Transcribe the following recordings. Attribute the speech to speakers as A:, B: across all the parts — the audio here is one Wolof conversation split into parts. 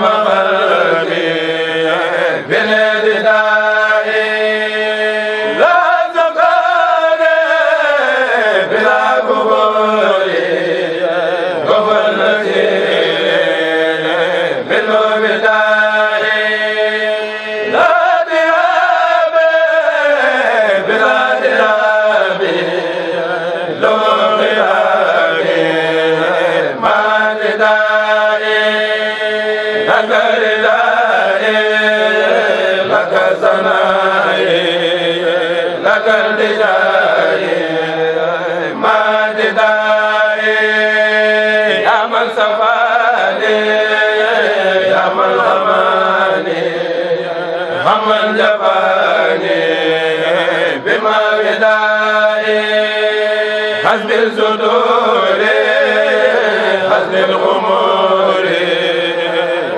A: Muhammad حسب الزدور حسب الغمور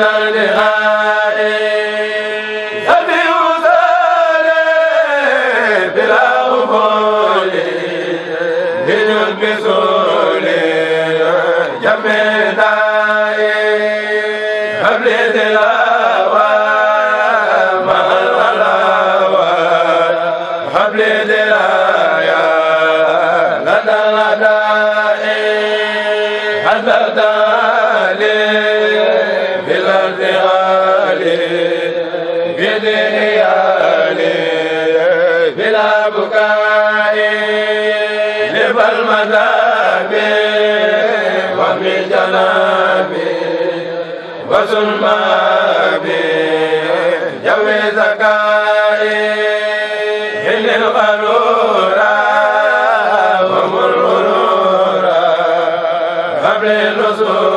A: la ilaha مذابي وفي جنابي وسلمابي جوي زكائي هل الغرورة ومن غرورة قبل النصور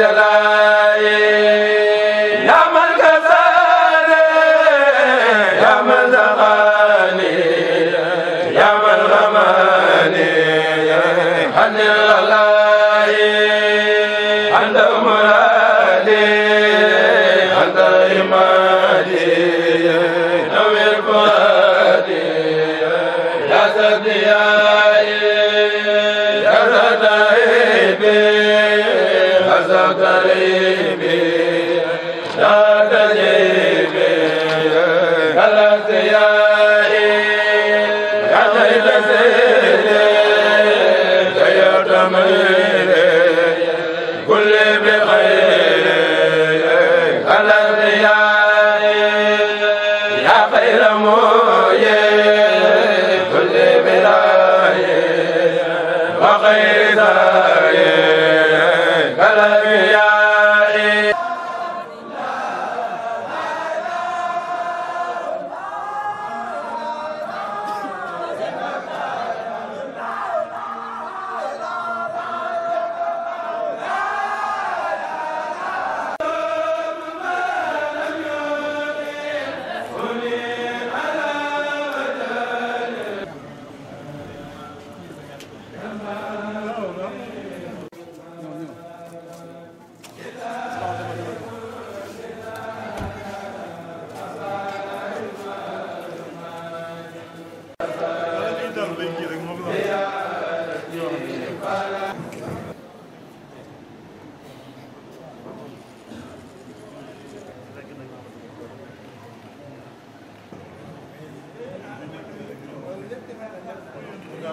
A: jalla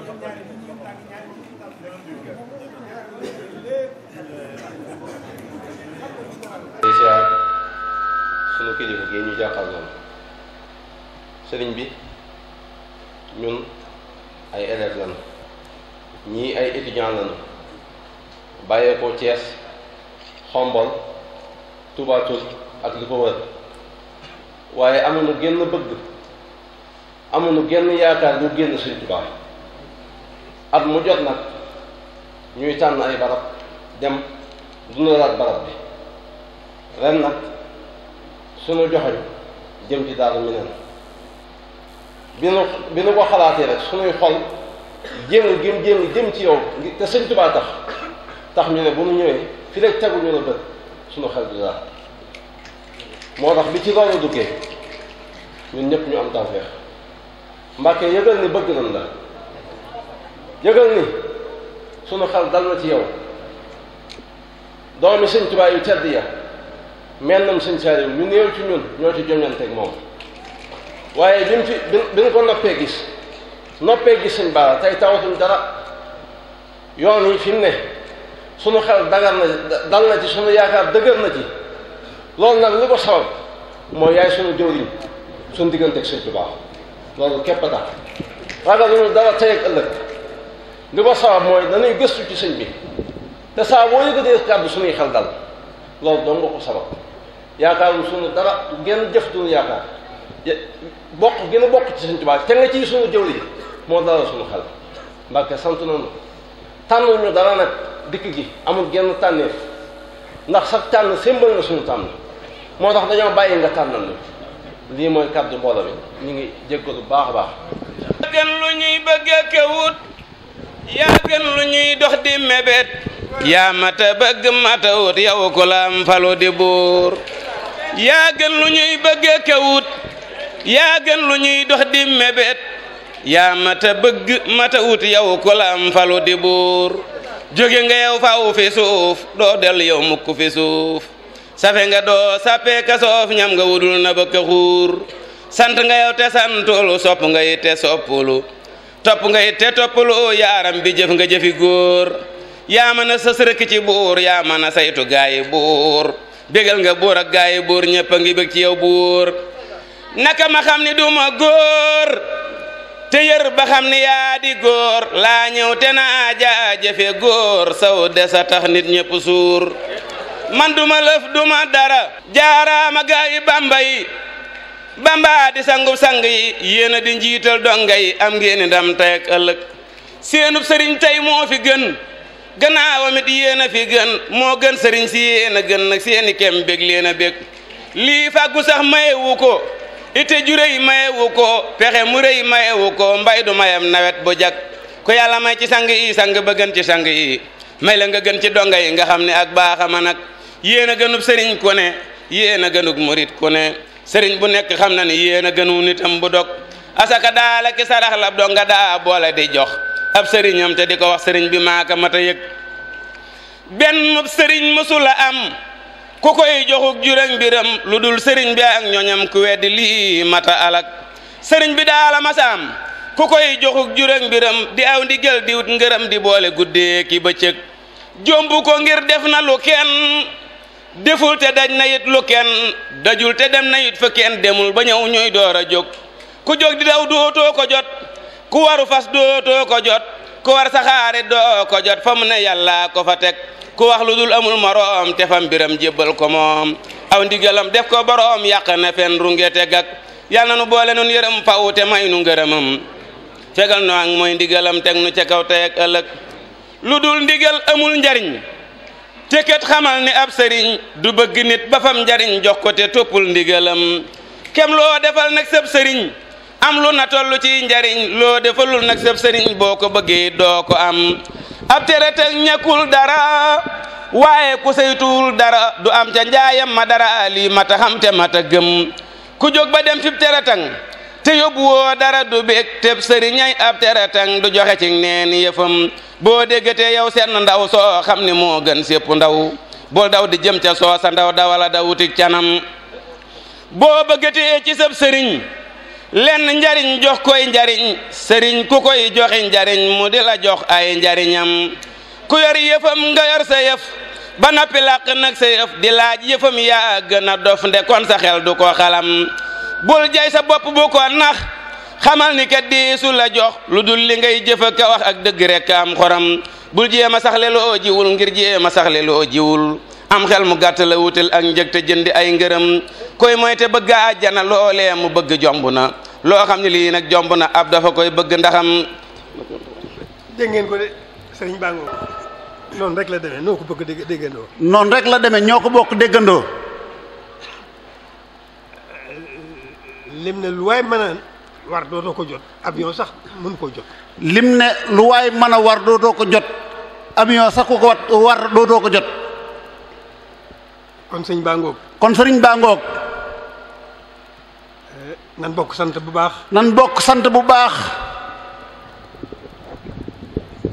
B: siyaar
C: sunu kilifa gi ñu jàkkal lool sëriñ bi ñun ay élèves lañu ñii ay étudiants lañu bàyyeekoo cees Xombol Touba Toul ak li ko wër waaye amuñu genn bëgg amuñu genn yaakaar ñu génn suñu Touba at mu jot nag ñuy tànn ay barab dem dundalaat barab bi ren nag suñu joxoñ jëm ci Daaru Minam bi nu bi nu ko xalaatee rek suñuy xol jéngu gim ci yow te sëñ Tubaa tax tax ñu ne bu nu ñëwee fi rek ñu la bët suñu xel du daal moo tax bi ci loolu duggee ñun ñëpp ñu am tawfeex Mbàkke yëgal ni bëgg nañ la yëgal ni sunu xal dal na ci yow doomi sëñ yu tedd ya mennam sëñ Saaliw lu néew ci ñun ñoo ci joñanteeg moom waaye bi mu fi bi noppee gis noppee gis sëñ Bara tey tawatuñ dara yoon yi fi mu ne sunu xel dagar na dal na ci sunu yaakaar dëgër na ci loolu nag li ko sabab mooy sunu jëwriñ sunu digganteeg sëñ Tuubaa loolu képp a tax ragal ñu dara tey ak ëllëg li ko sabab mooy dañuy gëstu ci sëñ bi te saa boo yëgatee kàddu suñuy xel dal loolu dong nga ko sabab yaakaaru suñu dara genn jëf duñu yaakaar bokk gën a bokk ci sëñ Tuubaa te nga ciy suñu jëw yi moo dalal suñu xel Mbàkke sant nañu tànnul ñu dara nag dikk gi amul genn tànneef ndax sax tànn sémbal na suñu tànn moo tax dañoo bàyyi nga tànnal ñu lii mooy kàddu mbooloo bi ñu ngi jéggalu bu baax a baax.
D: lu ñuy bëgg a wut yaa gën lu ñuy dox di mébét yaa mata bëgg mata wut yow ku laam falu di buur yaa gën lu ñuy bëggee kawut yaa gën lu ñuy dox di mébét yaa mata bëgg mata wut yow ku laam falu di buur jóge nga yow faw fi suuf doo del yow mukk fi suuf safe nga doo sappee ka soof ñam nga wudul na bëkk xuur sant nga yow te santulu sopp nga yi te soppulu topp nga it te toppaloo yaaram bi jëf nga jëfi góor yaa mën a sës rëkk ci buur yaa mën a saytu gaayi buur bégal nga buur ak gaayi buur ñëpp ngi bëgg ci yow buur naka ma xam ni duma góor te yër ba xam ni yaa di góor laa ñëw te naa jaajëfe góor saw des a tax nit ñëpp suur man duma lëf duma dara jaaraama gaayi bamba yi bamba di sangub sang yi yéen a di njiital donga yi am ngeen ndam tey ak ëllëg seenub sëriñ tey moo fi gën gannaawam yéen a fi gën moo gën sëriñ si yéen a gën nag seeni kem bég leen a bég lii fàggu sax mayewu ko ite juréy mayewu ko pexe mu réy mayewu ko mbay du mayam nawet bu jag ko yàlla may ci sang yi sang ba gën ci sang yi may la nga gën ci donga yi nga xam ne ak baaxama nag yéen a gënub sëriñ ku yéen a gënub murit ku sëriñ bu nekk xam na ni yéen a gënu nitam bu dog asaka daala ki sarax la dog nga daa boole di jox ab sëriñam te di ko wax sëriñ bi maaka mat a yëg benn sëriñ mësula am ku koy joxuk juram mbiram lu dul sëriñ bi ak ñoñam ku weddi lii mata alak sëriñ bi daala masaam ku koy joxuk juram mbiram di aw ndigal di wut ngërëm di boole guddee ki bëccëg jombu ko ngir def na lu kenn deful te daj na yit lu kenn dajul te dem na yit fa kenn demul ba ñëw ñuy door a jóg ku jóg di daw dootoo ko jot ku waru fas dootoo ko jot ku war saxaare doo ko jot fa mu ne yàlla ko fa teg ku wax lu dul amul moroom te fa mbiram jébbal ko moom aw ndigalam def ko boroom yàq na fen runge teg ak yàlla nu boole nun yërëm faw te may nu ngërëmam fegal noo ak mooy ndigalam teg nu ca kaw tey ak ëllëg lu dul ndigal amul njariñ te kat xamal ni ab sëriñ du bëgg nit bafam njariñ jox ko te toppul ndigalam kem loo defal nag sab sëriñ am lu na toll ci njariñ loo defalul nag sab sëriñ boo ko bëggee doo ko am ab teretal ñàkkul dara waaye ku saytuwul dara du am ca njaayam ma dara lii mata xam te mata gëm ku jóg ba dem fib teretang te yóbbu woo dara du bég teb sëriñay ab teratang du joxe ci neen yëfam boo déggatee yow seen ndaw soo xam ni moo gën sépp ndaw bul daw di jëm ca soo sa ndaw dawala da wutik canam boo bëggatee ci sab sëriñ lenn njariñ jox koy njariñ sëriñ ku koy joxi njariñ mu di la jox ay njariñam ku yor yëfam nga yor sa yëf ba noppi làq nag sa yëf di laaj yëfam yaa gën a dof nde kon sa xel du ko xalam bul jay sa bopp bu ko nax xamal ni kat diisu la jox lu dul li ngay jëf ak wax ak dëgg rek am xoram bul jéem a saxle loo jiwul ngir jéem ma saxle loo jiwul am xel mu gàtt la wutal ak njëg te jëndi ay ngërëm koy mooy te bëgg a àjjana loolee mu bëgg jomb na loo xam ne lii nag jomb na ab dafa koy bëgg ndaxam.
B: dégg ngeen ko de sëriñ Bango noonu rek la demee ko bëgg dégg noonu rek la demee ñoo ko bokk déggandoo. lim ne lu waay mën a war dootoo ko jot avion sax mën koo jot. lim ne lu waay mën a war dootoo ko jot avion sax ku ko wat war dootoo ko jot. kon sëñ Ba Ngok. kon sëriñ Ba Ngok. Eh, bokk sant bu baax. nan bokk sant bu baax.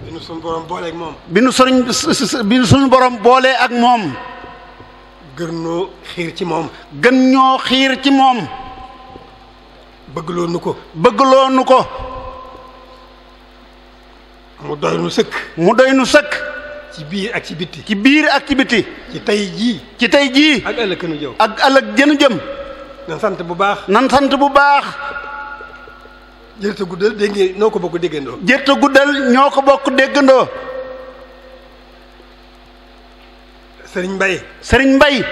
B: bi nu suñu borom boolee bi nu sëriñ bi suñu borom boolee ak moom. gën ñoo ci moom. gën ñoo xiir ci moom. bëggloo nu ko bëggloo nu ko mu doy nu sëkk mu doy nu sëkk ci biir ak ci bitti ci biir ak ci bitti ci tey jii ci tey jii ak ëllëg nu jëm ak jëm nan sant bu baax nan sant bu baax jërta guddal dégg ñoo ko bokk déggandoo jërta guddal ñoo ko bokk déggandoo sëriñ Mbay sëriñ Mbay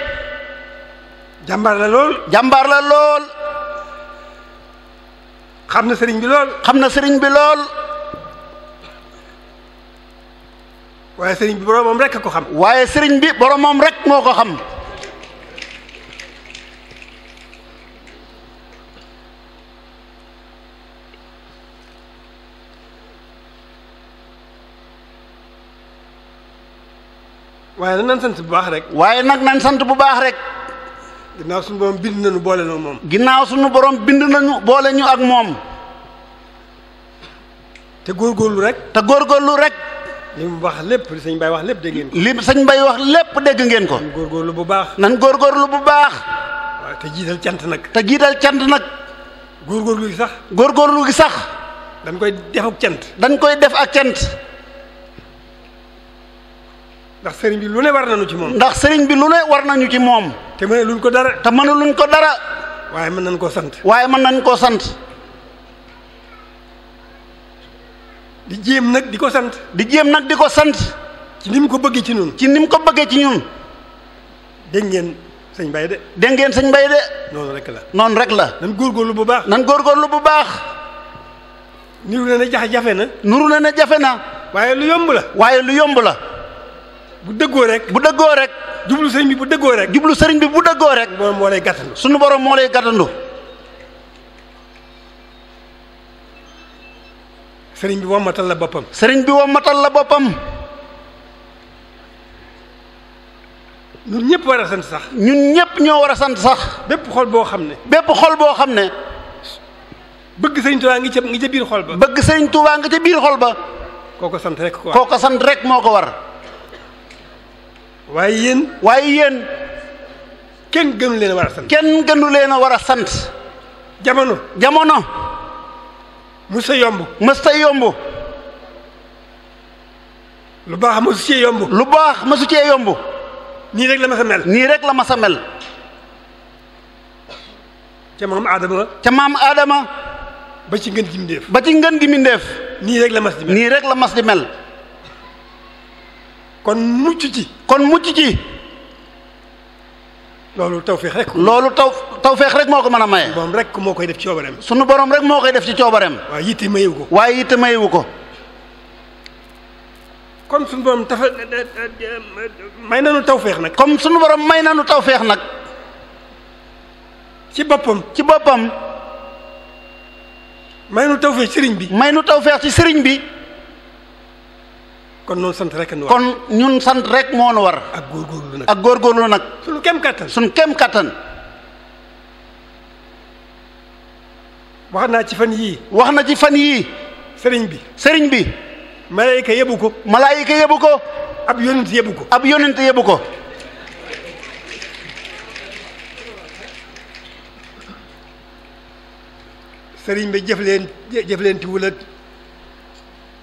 B: jàmbaar la lool jàmbaar la lool xam na sëriñ bi lool. xam na sëriñ bi lool. waaye sëriñ bi boromam rek ko xam. waaye sëriñ bi boromam rek moo ko xam. waaye nag nan sant bu baax rek. waaye nag nan sant bu baax rek. ginnaaw suñu borom bind nañu boole noo moom. ginnaaw suñu borom bind nañu boole ñu ak moom. te góor góorlu rek. te góor góorlu rek. li mu wax lépp li sëñ Baye wax lépp dégg ngeen ko. li sëñ Baye wax lépp dégg ngeen ko. nan góorgóorlu bu baax. nan góorgóorlu bu baax. waaw cant nag. te jiital cant nag. góorgóorlu gi sax. góorgóorlu gi sax. dañ koy def ak cant. dañ koy def ak cant. ndax sëriñ bi lu ne war nañu ci moom. ndax sëriñ bi lu ne war nañu ci moom. te mëna luñ ko dara te mëna luñ ko dara waaye mën nañ koo sant waaye mën nañ koo sant di jéem nag di ko sant di jéem nag di ko sant ci ni mu ko bëggee ci ñun ci ni mu ko bëggee ci ñun dégg ngeen sëñ Baye de dégg ngeen sëñ Baye de noonu rek la noonu rek la nan góorgóorlu bu baax nan góorgóorlu bu baax nuru na ne jax jafe na nuru na ne jafe na waaye lu yomb la waaye lu yomb la bu dëggoo rek bu dëggoo rek jublu sëriñ bi bu dëggoo rek jublu sëriñ bi bu dëggoo rek borom moo lay gàttandu suñu borom moo lay gàttandu sëriñ bi wommatal la boppam sëriñ bi wommatal la boppam ñun ñëpp war a sant sax ñun ñëpp ñoo war a sant sax bépp xol boo xam ne bépp xol boo xam ne bëgg sëriñ Tuubaa ngi ca ngi ca biir xol ba bëgg sëriñ Tuubaa nga ca biir xol ba kooko sant rek ko sant rek moo ko war waaye yéen. waaye yéen. kenn gënu leen a sant. kenn gënu leen a war a sant. jamono. jamono. mësta yomb. mësta yomb. lu baax mësu cee yomb. lu baax mësu cee yomb. nii rek la ma mel. nii rek la ma mel. ca maam Adama. ca maam Adama. ba ci ngën gi mindeef. ba ci ngën gi mindeef. nii rek la mas di mel. rek la mas di mel. kon mucc ci kon mucc ci loolu tawfeex rek loolu taw tawfeex rek moo ko mën a maye borom rek moo koy def ci coobareem sunu borom rek moo koy def ci coobareem waaye yitte mayewu ko waaye yitte mayewu ko comme sunu borom tafa eh, eh, eh, may nanu tawfeex nag comme sunu borom may nanu tawfeex nag ci boppam ci boppam may nu tawfeex sëriñ bi may nu tawfeex ci sëriñ bi kon ñun sant rek ñun sant rek moo nu war. ak góorgóorlu nag lu nag. suñu kem kattan suñu kem kattan. wax naa ci fan yii. wax na ci fan yii. sëriñ bi sëriñ bi. malaayika yebu ko. malaayika yebu ko. ab yonent yebu ko. sëriñ bi jëf leen jëf leen tiwul ak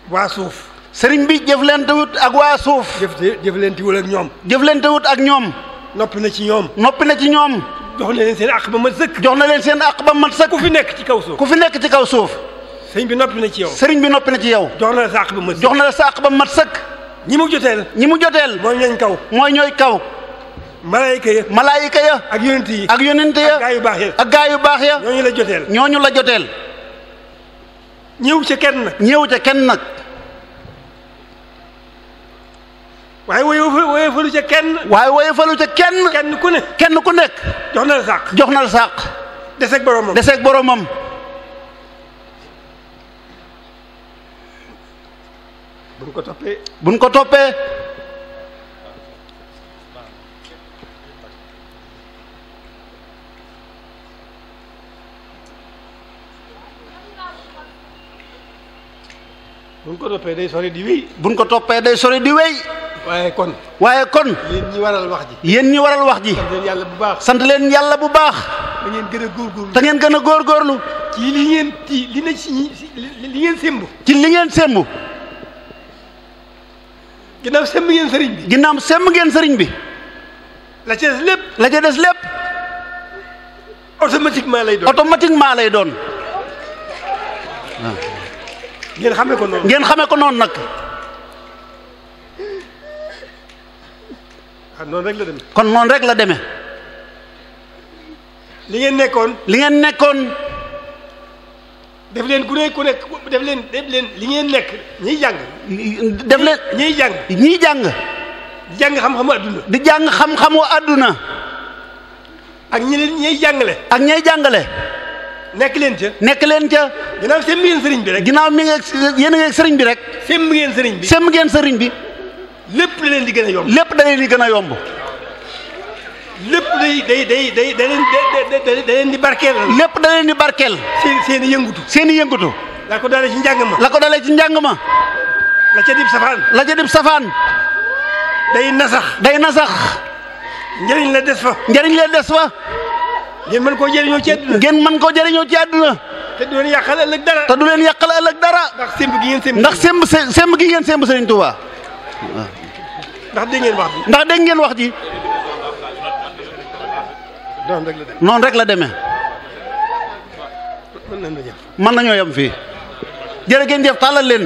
B: waa suuf. sëriñ bi jëflantewut ak waa suuf. jëf jëflantewul ak ñoom. leen jëflantewut ak ñoom. noppi na ci ñoom. noppi na ci ñoom. jox na leen seen àq ba mat sëkk. jox na leen seen àq ba mat sëkk. ku fi nekk ci kaw suuf ku fi nekk ci kaw suuf. sëriñ bi noppi na ci yow. sëriñ bi noppi na ci yow. jox na la sa jox na la sa àq mat sëkk. ñi mu joteel. ñi mu joteel. mooy ñooñ kaw. mooy ñooy kaw. malaayika ya malaayika ya ak yonent yi ak yonent ya gaa yu baax ya ak gaa yu baax ya ñooñu la joteel ñooñu la joteel ñëw ca kenn nag ñëw ca kenn nag waaye woyofalu ca kenn. waaye woyofalu ca kenn. kenn ku ne. kenn ku nekk. jox na la sàq. jox na la sàq. deseeg boromam deseeg boromam. buñ ko toppee. buñ ko toppee. buñ ko toppee day sori di wéy. ko toppee day sori di wéy. waaye kon. waaye kon. yéen ñi waral wax ji. yéen ñi waral wax ji. sant leen yàlla bu baax. sant leen yàlla bu baax. da ngeen gën a góorgóorlu. ngeen gën a góorgóorlu. ci li ngeen ci li ne ci li ngeen semb. ci li ngeen semb. ginnaaw semb ngeen sëriñ bi. semb ngeen sëriñ bi. la ca des lépp. la ca des lépp. automatiquement lay doon automatiquement lay doon. ngeen xamee ko noonu. ngeen xamee ko noonu nag. kon ah, noonu rek la demee. kon noonu rek la demee. li ngeen nekkoon. li ngeen nekkoon. def leen ku ne ku nekk def leen def leen li ngeen nekk ñiy jàng. def leen ñiy jàng. ñiy jàng. di jàng xam-xamu àdduna. di jàng xam-xamu àdduna. ak ñi leen ñiy jàngale. ak ñiy jàngale. nekk leen ca. nekk leen ca. ginnaaw semb ngeen sëriñ bi rek. ginnaaw mi ngeen yéen ngeen sëriñ bi rek. semb ngeen sëriñ bi. semb ngeen sëriñ bi. lépp da leen di gën a yomb lépp da leen di gën a yomb. lépp day day day day da leen da leen di barkeel. lépp da leen di barkeel. seen seen i yëngatu. seen i yëngatu. la ko dalee ci njàng ma. la ko dalee ci njàng ma. la ca dib safaan. la ca dib safaan. day nasax. day nasax. njëriñ la des fa. njëriñ la des fa. ngeen mën koo jëriñoo ci àdduna. ngeen mën koo jëriñoo ci àdduna. te du leen yàqal ëllëg dara. te du leen yàqal ëllëg dara. ndax semb gi ngeen semb. ndax semb semb gi ngeen semb Serigne Touba. Ah. ndax dégg ngeen wax ji. ndax dégg ngeen wax ji. noonu rek la demee noonu rek la demee. mën nañoo yem. mën nañoo yem fii. jërë ngeen jëf tàllal leen.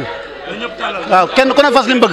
B: waaw kenn ku ne fas li mu